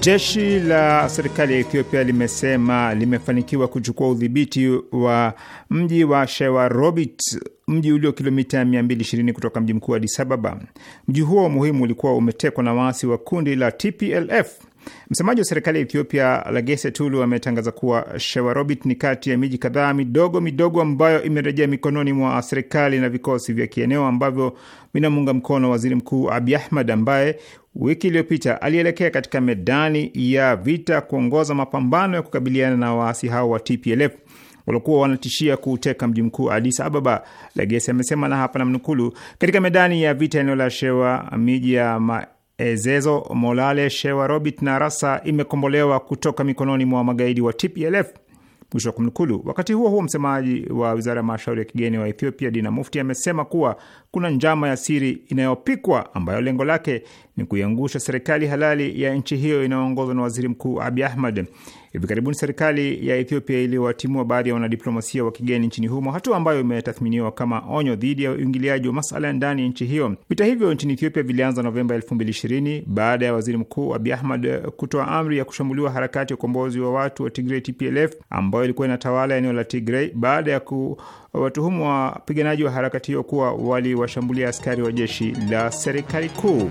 Jeshi la serikali ya Ethiopia limesema limefanikiwa kuchukua udhibiti wa mji wa Shewarobit, mji ulio kilomita 220 kutoka mji mkuu wa Addis Ababa. Mji huo muhimu ulikuwa umetekwa na waasi wa kundi la TPLF. Msemaji wa serikali ya Ethiopia Lagese Tulu ametangaza kuwa Shewarobit ni kati ya miji kadhaa midogo midogo ambayo imerejea mikononi mwa serikali na vikosi vya kieneo ambavyo vinamuunga mkono waziri mkuu Abi Ahmed ambaye wiki iliyopita alielekea katika medani ya vita kuongoza mapambano ya kukabiliana na waasi hao wa TPLF waliokuwa wanatishia kuuteka mji mkuu Adis Ababa. Legesi amesema na hapa namnukulu, katika medani ya vita eneo la Shewa, miji ya Ezezo Molale Shewarobit na Rasa imekombolewa kutoka mikononi mwa magaidi wa TPLF. Mwisho wa kumnukulu. Wakati huo huo, msemaji wa wizara ya mashauri ya kigeni wa Ethiopia Dina Mufti amesema kuwa kuna njama ya siri inayopikwa ambayo lengo lake ni kuiangusha serikali halali ya nchi hiyo inayoongozwa na waziri mkuu Abi Ahmed. Hivi karibuni serikali ya Ethiopia iliwatimua baadhi ya wanadiplomasia wa kigeni nchini humo, hatua ambayo imetathminiwa kama onyo dhidi ya uingiliaji wa masala ya ndani ya nchi hiyo. Vita hivyo nchini Ethiopia vilianza Novemba 2020 baada ya waziri mkuu Abiy Ahmed kutoa amri ya kushambuliwa harakati ya ukombozi wa watu wa Tigray, TPLF, ambayo ilikuwa inatawala eneo la Tigray baada ya kuwatuhumu wapiganaji wa harakati hiyo kuwa waliwashambulia askari wa jeshi la serikali kuu.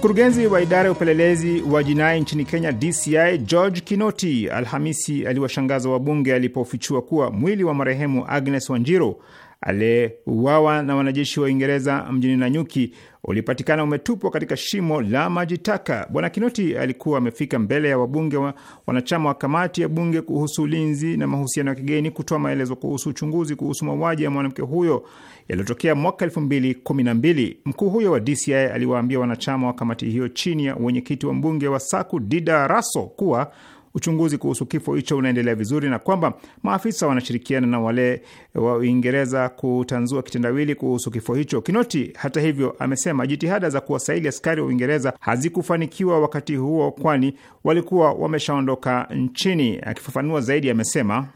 Mkurugenzi wa idara ya upelelezi wa jinai nchini Kenya, DCI, George Kinoti, Alhamisi aliwashangaza wabunge alipofichua kuwa mwili wa marehemu Agnes wanjiro aliyeuawa na wanajeshi wa Uingereza mjini Nanyuki ulipatikana umetupwa katika shimo la maji taka. Bwana Kinoti alikuwa amefika mbele ya wabunge wa, wanachama wa kamati ya bunge kuhusu ulinzi na mahusiano ya kigeni kutoa maelezo kuhusu uchunguzi kuhusu mauaji ya mwanamke huyo yaliyotokea mwaka 2012. Mkuu huyo wa DCI aliwaambia wanachama wa kamati hiyo chini ya wenyekiti wa mbunge wa Saku Dida Raso kuwa uchunguzi kuhusu kifo hicho unaendelea vizuri na kwamba maafisa wanashirikiana na wale wa Uingereza kutanzua kitendawili kuhusu kifo hicho. Kinoti hata hivyo amesema jitihada za kuwasaili askari wa Uingereza hazikufanikiwa wakati huo, kwani walikuwa wameshaondoka nchini. Akifafanua zaidi, amesema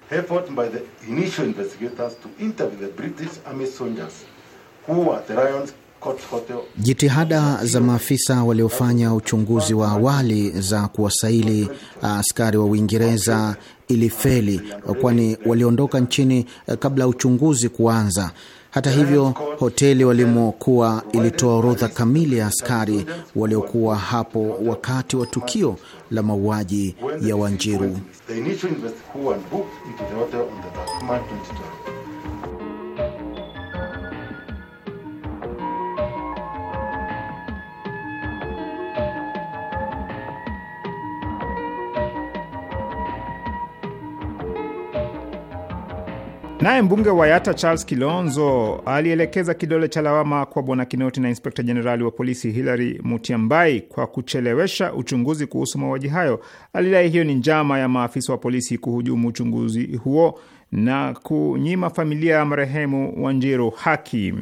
Jitihada za maafisa waliofanya uchunguzi wa awali za kuwasaili uh, askari wa Uingereza ilifeli, uh, kwani waliondoka nchini uh, kabla ya uchunguzi kuanza. Hata hivyo, hoteli walimokuwa ilitoa orodha kamili ya askari waliokuwa hapo wakati wa tukio la mauaji ya Wanjiru. Naye mbunge wa Yata Charles Kilonzo alielekeza kidole cha lawama kwa bwana Kinoti na inspekta jenerali wa polisi Hilary Mutiambai kwa kuchelewesha uchunguzi kuhusu mauaji hayo. Alidai hiyo ni njama ya maafisa wa polisi kuhujumu uchunguzi huo na kunyima familia ya marehemu Wanjiru haki.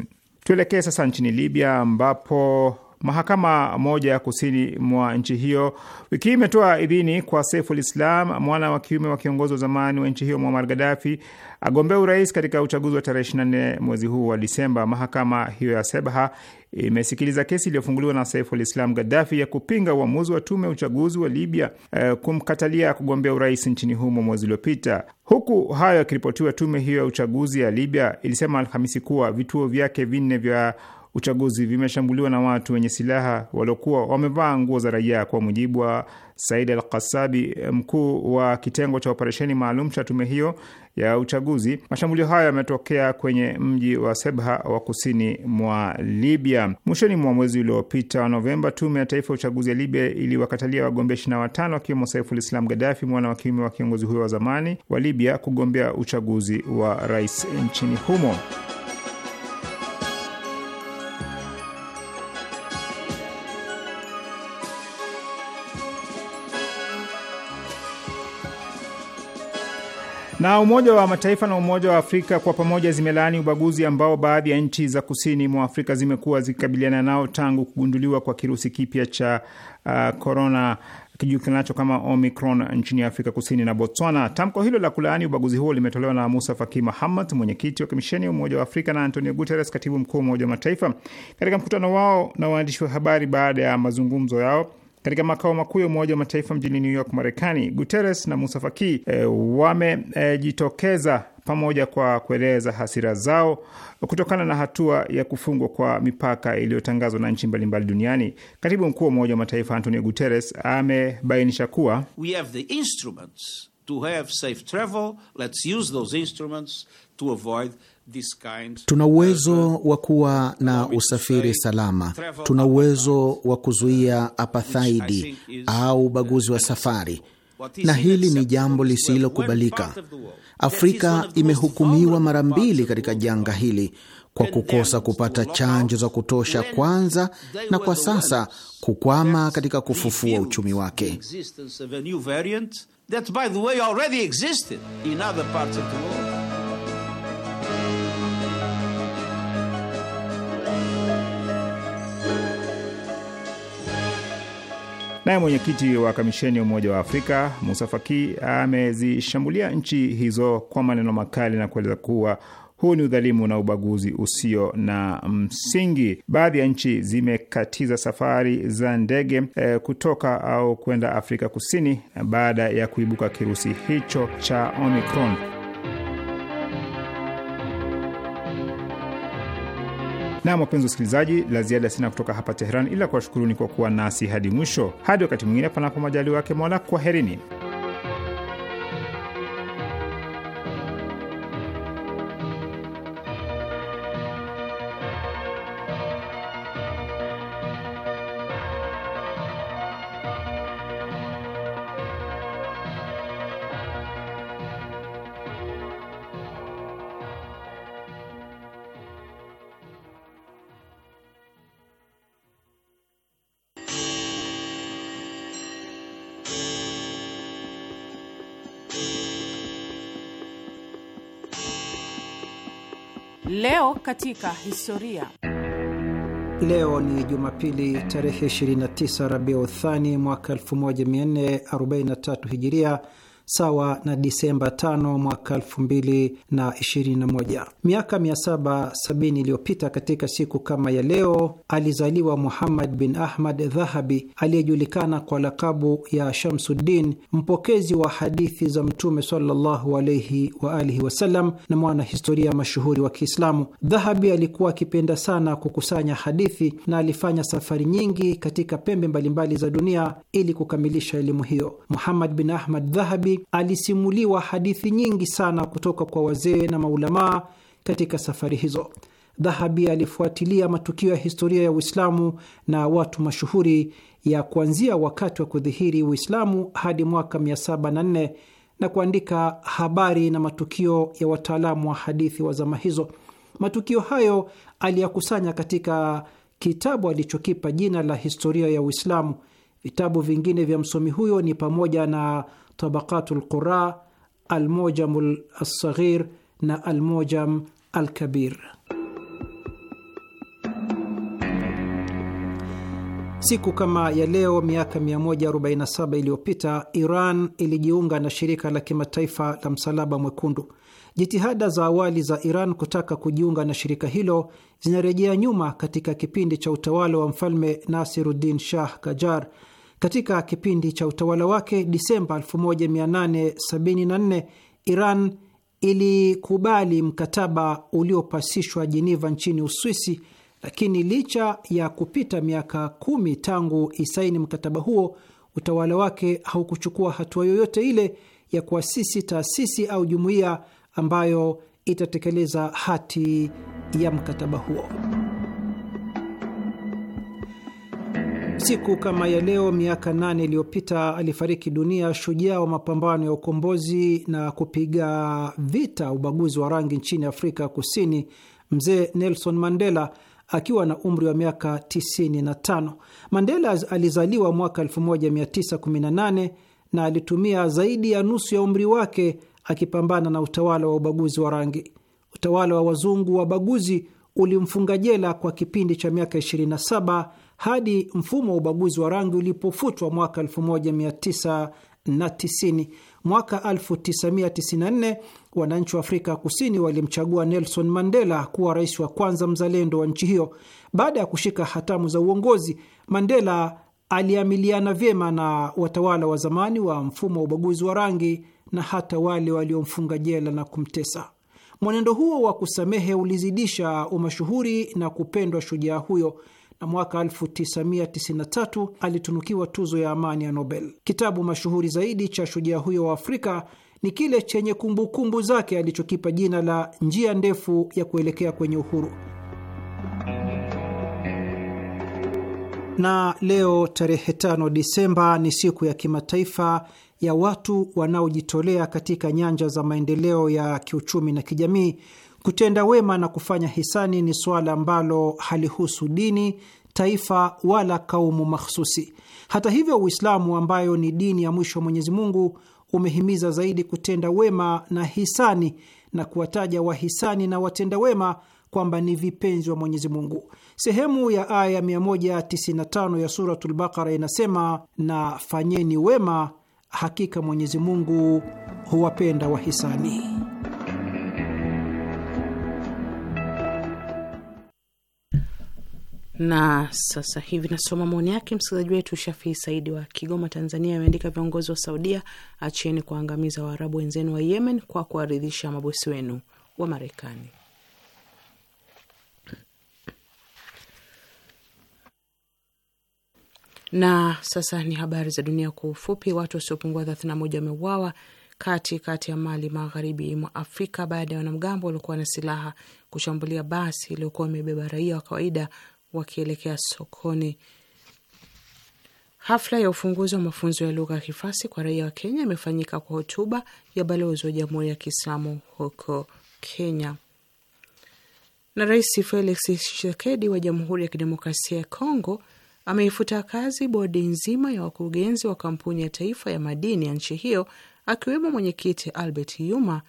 Tuelekee sasa nchini Libya ambapo Mahakama moja ya kusini mwa nchi hiyo wiki hii imetoa idhini kwa Saiful Islam, mwana wa kiume wa kiongozi wa zamani wa nchi hiyo Muammar Gaddafi, agombea urais katika uchaguzi wa tarehe 24 mwezi huu wa Disemba. Mahakama hiyo ya Sebha imesikiliza kesi iliyofunguliwa na Saiful Islam Gaddafi ya kupinga uamuzi wa tume ya uchaguzi wa Libya eh, kumkatalia kugombea urais nchini humo mwezi uliopita. Huku hayo yakiripotiwa, tume hiyo ya uchaguzi ya Libya ilisema Alhamisi kuwa vituo vyake vinne vya uchaguzi vimeshambuliwa na watu wenye silaha waliokuwa wamevaa nguo za raia, kwa mujibu wa Said Al Kasabi, mkuu wa kitengo cha operesheni maalum cha tume hiyo ya uchaguzi. Mashambulio hayo yametokea kwenye mji wa Sebha wa kusini mwa Libya. Mwishoni mwa mwezi uliopita Novemba, tume ya taifa ya uchaguzi ya Libya iliwakatalia wagombea ishirini na watano wakiwemo Saiful Islam Gaddafi, mwana wa kiume wa kiongozi huyo wa zamani wa Libya, kugombea uchaguzi wa rais nchini humo. Na Umoja wa Mataifa na Umoja wa Afrika kwa pamoja zimelaani ubaguzi ambao baadhi ya nchi za kusini mwa Afrika zimekuwa zikikabiliana nao tangu kugunduliwa kwa kirusi kipya cha korona uh, kijulikanacho kama Omicron nchini Afrika Kusini na Botswana. Tamko hilo la kulaani ubaguzi huo limetolewa na Musa Faki muhammad mwenyekiti wa kamisheni ya Umoja wa Afrika, na Antonio Guterres, katibu mkuu wa Umoja wa Mataifa, katika mkutano wao na waandishi wa habari baada ya mazungumzo yao katika makao makuu ya Umoja wa Mataifa mjini New York, Marekani. Guterres na Musa Faki e, wamejitokeza e, pamoja kwa kueleza hasira zao kutokana na hatua ya kufungwa kwa mipaka iliyotangazwa na nchi mbalimbali duniani. Katibu mkuu wa Umoja wa Mataifa Antonio Guterres amebainisha kuwa We have the instruments to have safe travel. Let's use those instruments to avoid Tuna uh, uwezo uh, wa kuwa na uh, usafiri salama, tuna uwezo wa kuzuia apathaidi au ubaguzi wa safari, na hili ni jambo lisilokubalika. Afrika imehukumiwa mara mbili katika janga hili kwa kukosa kupata chanjo za kutosha kwanza, na kwa sasa kukwama katika kufufua uchumi wake. That by the way already existed in other parts of the world. Naye mwenyekiti wa kamisheni ya Umoja wa Afrika Musa Faki amezishambulia nchi hizo kwa maneno makali na kueleza kuwa huu ni udhalimu na ubaguzi usio na msingi. Baadhi ya nchi zimekatiza safari za ndege e, kutoka au kwenda Afrika Kusini baada ya kuibuka kirusi hicho cha Omicron. Na wapenzi wasikilizaji, la ziada sina kutoka hapa Teheran ila kuwashukuruni kwa kuwa nasi hadi mwisho. Hadi wakati mwingine, panapo majali wake Mola, kwaherini. Leo katika historia. Leo ni Jumapili tarehe 29 Rabiu Thani mwaka 1443 Hijiria sawa na Disemba 5 mwaka 2021. Miaka 770 iliyopita katika siku kama ya leo alizaliwa Muhammad bin Ahmad Dhahabi aliyejulikana kwa lakabu ya Shamsuddin, mpokezi wa hadithi za Mtume sallallahu alayhi wa alihi wasallam na mwanahistoria mashuhuri wa Kiislamu. Dhahabi alikuwa akipenda sana kukusanya hadithi na alifanya safari nyingi katika pembe mbalimbali za dunia ili kukamilisha elimu hiyo. Muhammad bin Ahmad Dhahabi Ghazali alisimuliwa hadithi nyingi sana kutoka kwa wazee na maulamaa katika safari hizo. Dhahabi alifuatilia matukio ya historia ya Uislamu na watu mashuhuri ya kuanzia wakati wa kudhihiri Uislamu hadi mwaka 704 na kuandika habari na matukio ya wataalamu wa hadithi wa zama hizo. Matukio hayo aliyakusanya katika kitabu alichokipa jina la Historia ya Uislamu. Vitabu vingine vya msomi huyo ni pamoja na Tabaqatu lqura, Almujamu lsaghir na Almujam alkabir. Siku kama ya leo miaka 147 iliyopita Iran ilijiunga na shirika la kimataifa la msalaba mwekundu. Jitihada za awali za Iran kutaka kujiunga na shirika hilo zinarejea nyuma katika kipindi cha utawala wa mfalme Nasiruddin Shah Kajar katika kipindi cha utawala wake Disemba 1874 Iran ilikubali mkataba uliopasishwa Jeneva nchini Uswisi, lakini licha ya kupita miaka kumi tangu isaini mkataba huo, utawala wake haukuchukua hatua yoyote ile ya kuasisi taasisi au jumuiya ambayo itatekeleza hati ya mkataba huo. Siku kama ya leo miaka nane iliyopita alifariki dunia shujaa wa mapambano ya ukombozi na kupiga vita ubaguzi wa rangi nchini Afrika Kusini, mzee Nelson Mandela akiwa na umri wa miaka 95. Mandela alizaliwa mwaka 1918 na alitumia zaidi ya nusu ya umri wake akipambana na utawala wa ubaguzi wa rangi. Utawala wa wazungu wa baguzi ulimfunga jela kwa kipindi cha miaka 27 hadi mfumo wa ubaguzi wa rangi ulipofutwa mwaka 1990. Mwaka 1994 wananchi wa Afrika Kusini walimchagua Nelson Mandela kuwa rais wa kwanza mzalendo wa nchi hiyo. Baada ya kushika hatamu za uongozi, Mandela aliamiliana vyema na watawala wa zamani wa mfumo wa ubaguzi wa rangi na hata wale waliomfunga jela na kumtesa. Mwenendo huo wa kusamehe ulizidisha umashuhuri na kupendwa shujaa huyo na mwaka 1993 alitunukiwa tuzo ya amani ya Nobel. Kitabu mashuhuri zaidi cha shujaa huyo wa Afrika ni kile chenye kumbukumbu kumbu zake alichokipa jina la njia ndefu ya kuelekea kwenye uhuru. Na leo tarehe 5 Disemba ni siku ya kimataifa ya watu wanaojitolea katika nyanja za maendeleo ya kiuchumi na kijamii Kutenda wema na kufanya hisani ni suala ambalo halihusu dini, taifa wala kaumu mahsusi. Hata hivyo, Uislamu ambayo ni dini ya mwisho wa Mwenyezi Mungu umehimiza zaidi kutenda wema na hisani na kuwataja wahisani na watenda wema kwamba ni vipenzi wa Mwenyezi Mungu. Sehemu ya aya 195 ya Suratul inasema, na fanyeni wema, hakika Mwenyezi Mungu huwapenda wahisani. Na sasa hivi nasoma maoni yake msikilizaji wetu Shafii Saidi wa Kigoma, Tanzania. Ameandika, viongozi wa Saudia, acheni kuangamiza Waarabu wenzenu wa Yemen kwa kuwaridhisha mabosi wenu wa Marekani. Na sasa ni habari za dunia kwa ufupi. Watu wasiopungua 31 wameuawa kati kati ya Mali magharibi mwa Afrika baada ya wanamgambo waliokuwa na silaha kushambulia basi iliyokuwa imebeba raia wa kawaida wakielekea sokoni. Hafla ya ufunguzi wa mafunzo ya lugha ya Kifasi kwa raia wa Kenya imefanyika kwa hotuba ya balozi wa Jamhuri ya Kiislamu huko Kenya. Na Rais Felix Tshisekedi wa Jamhuri ya Kidemokrasia ya Kongo ameifuta kazi bodi nzima ya wakurugenzi wa kampuni ya taifa ya madini ya nchi hiyo, akiwemo mwenyekiti Albert Yuma,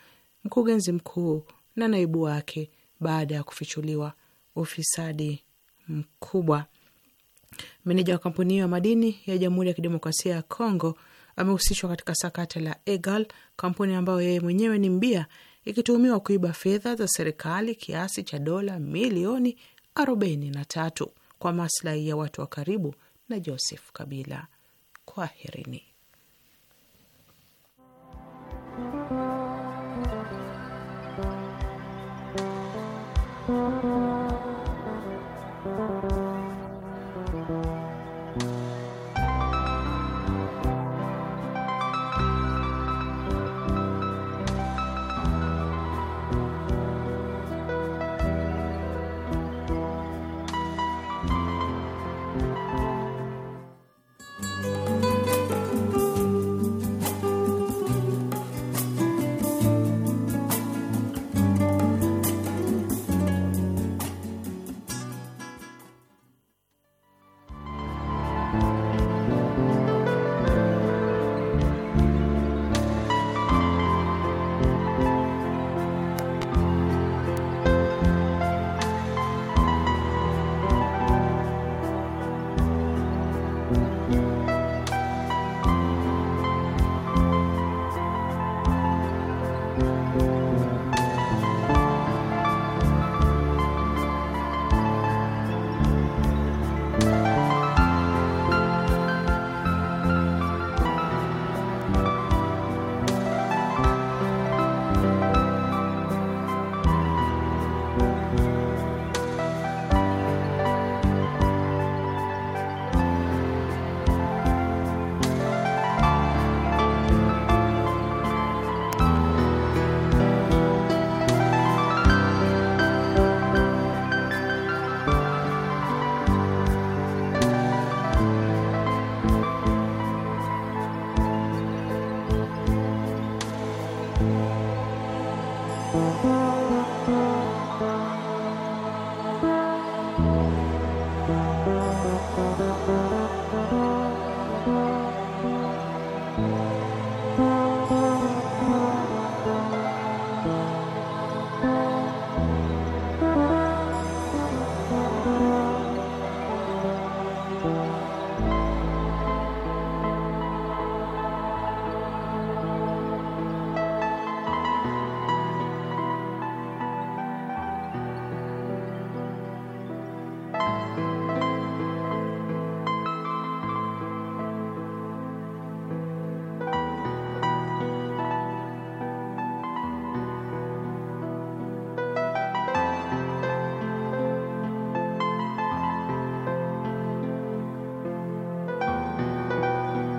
mkurugenzi mkuu na naibu wake, baada ya kufichuliwa ufisadi mkubwa. Meneja wa kampuni hiyo ya madini ya Jamhuri ya Kidemokrasia ya Kongo amehusishwa katika sakata la Egal, kampuni ambayo yeye mwenyewe ni mbia, ikituhumiwa kuiba fedha za serikali kiasi cha dola milioni 43 kwa maslahi ya watu wa karibu na Joseph Kabila. Kwaherini.